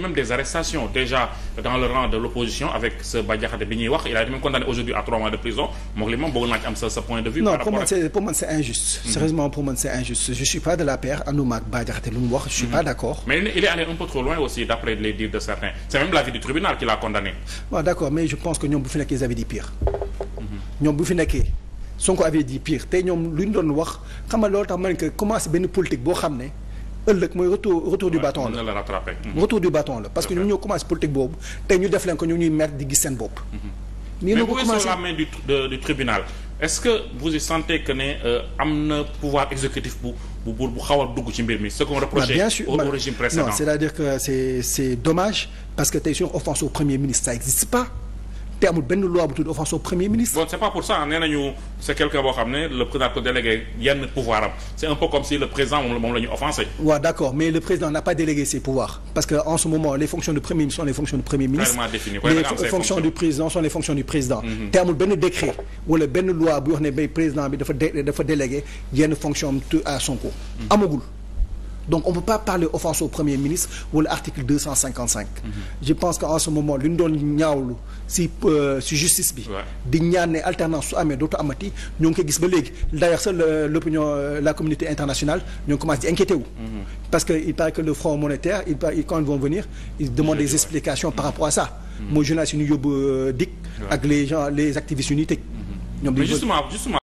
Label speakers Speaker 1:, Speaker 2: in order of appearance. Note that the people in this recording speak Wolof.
Speaker 1: même des arrestations déjà dans le rang de l'opposition avec ce Bah Diakhaté bi ñuy wax il a été même condamné aujourd'hui à trois mois de prison moom li moom bëgg naa ci am sa sa point de vue. non pour man
Speaker 2: c'est pour man c'est injuste. Mhm. sérieusement pour man c'est injuste je suis pas de l'APR ànduma ak Bah Diakhaté lu mu wax je suis mhm. pas d'accord.
Speaker 1: mais il est allé un peu trop loin aussi d'après les dires de certains c'est même l'avis du tribunal qui l'a condamné.
Speaker 2: waaw d'accord mais je pense que ñoom bu fi nekkee ils avaient dit pire. Mhm. ñoom bu fi nekkee Sonko avait dit pire tey ñoom lu ñu doon wax xam nga loolu tax man que commencé benn politique boo xam ne. ëllëg mooy retour retour du bâton la
Speaker 1: mmh.
Speaker 2: retour du bâton la parce que ñun ñoo commencé politique boobu tey ñu def leen ko ñu ñuy mer di gis seen bopp
Speaker 1: mmh.
Speaker 2: nii la
Speaker 1: du tribunal est-ce que vous y sentez que ne euh, am na pouvoir exécutif bu bu buur bu xaw a dugg ci mbir mi ce qu'on reprochait au régime
Speaker 2: c'est-à-dire que c'est dommage parce que tey sur offense au premier ministre ça existe pas te amul benn loi bu tudd offense au premier
Speaker 1: ministre. bon c'est pas pour ça ne le président c'est un peu comme le président moom
Speaker 2: moom d'accord mais le président n'a pas délégué ses pouvoirs parce que en ce moment les fonctions du premier ministre les fonctions du premier ministre. clairement définies les fonctions, fonctions du président sont les fonctions du président. Mm-hmm. te amul benn décret wala benn loi bu wax ne bay président bi dafa dafa délégué yenn fonction am à Sonko donc on peut pas parler offense au premier ministre wala article je pense que en ce moment li ñu doon ñaawlu si euh, si justice bi di ñaan ne alternance su amee dootu amati ñoo ngi koy gis ba léegi d'ailleurs sax l'opinion euh, la communauté internationale ñoo ngi commencé di inquiété wu mhm. parce que il paraît que le front monétaire quand ils vont venir ils demandent des explications par rapport à ça mhm. mooy journalistes yi ñu yóbbu euh, dik les gens les activistes yu ñuy tëj